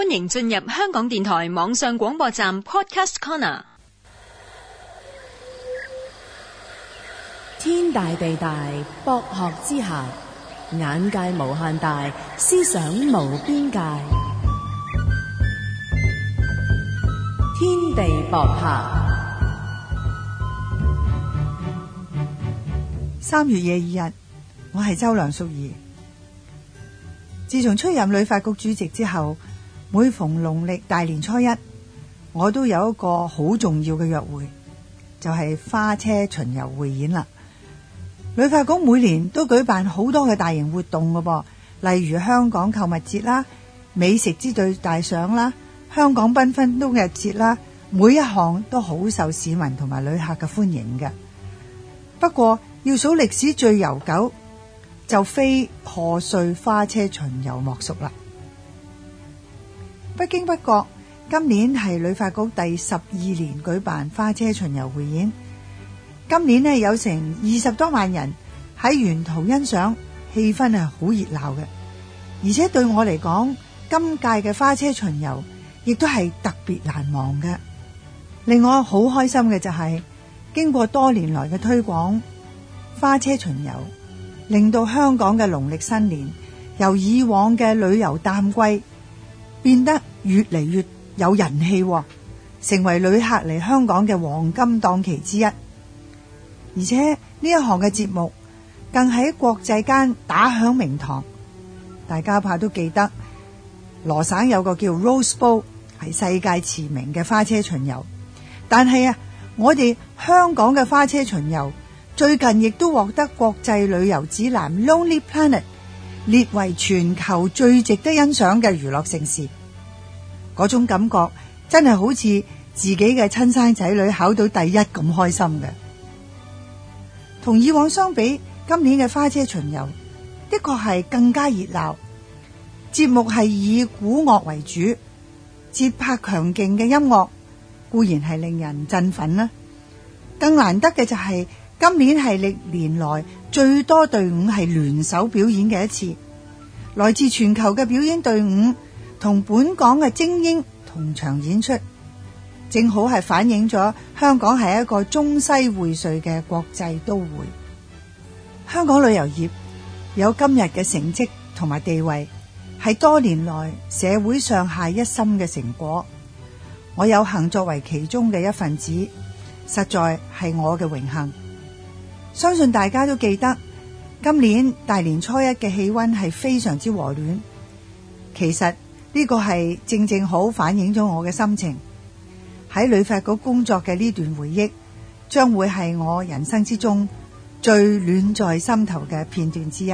歡迎進入香港電台網上廣播站 Podcast Corner。天大地大，博學之下，眼界無限大，思想無邊界。天地博客。三月廿二日，我係周梁淑怡。自從出任旅發局主席之後，每逢農曆大年初一，我都有一個好重要嘅約會，就係、是、花車巡遊匯演啦。旅發局每年都舉辦好多嘅大型活動㗎噃，例如香港購物節啦、美食之最大賞啦、香港繽紛冬日節啦，每一項都好受市民同埋旅客嘅歡迎嘅。不過要數歷史最悠久，就非賀歲花車巡遊莫屬啦。不經不覺，今年係旅發局第十二年舉辦花車巡遊匯演。今年呢有成二十多萬人喺沿途欣賞，氣氛係好熱鬧嘅。而且對我嚟講，今屆嘅花車巡遊亦都係特別難忘嘅。令我好開心嘅就係經過多年來嘅推廣，花車巡遊令到香港嘅農曆新年由以往嘅旅遊淡季變得越嚟越有人氣，成為旅客嚟香港嘅黃金檔期之一。而且呢一行嘅節目更喺國際間打響名堂。大家怕都記得，羅省有個叫 Rose Bowl 係世界馳名嘅花車巡遊。但係啊，我哋香港嘅花車巡遊最近亦都獲得國際旅遊指南 Lonely Planet 列為全球最值得欣賞嘅娛樂城市。嗰種感覺真係好似自己嘅親生仔女考到第一咁開心嘅，同以往相比，今年嘅花車巡遊的確係更加熱鬧，節目係以鼓樂為主，節拍強勁嘅音樂固然係令人振奮啦、啊。更難得嘅就係、是、今年係歷年來最多隊伍係聯手表演嘅一次，來自全球嘅表演隊伍。同本港嘅精英同場演出，正好係反映咗香港係一個中西薈萃嘅國際都會。香港旅遊業有今日嘅成績同埋地位，係多年來社會上下一心嘅成果。我有幸作為其中嘅一份子，實在係我嘅榮幸。相信大家都記得，今年大年初一嘅氣溫係非常之和暖。其實。呢個係正正好反映咗我嘅心情，喺旅發局工作嘅呢段回憶，將會係我人生之中最暖在心頭嘅片段之一。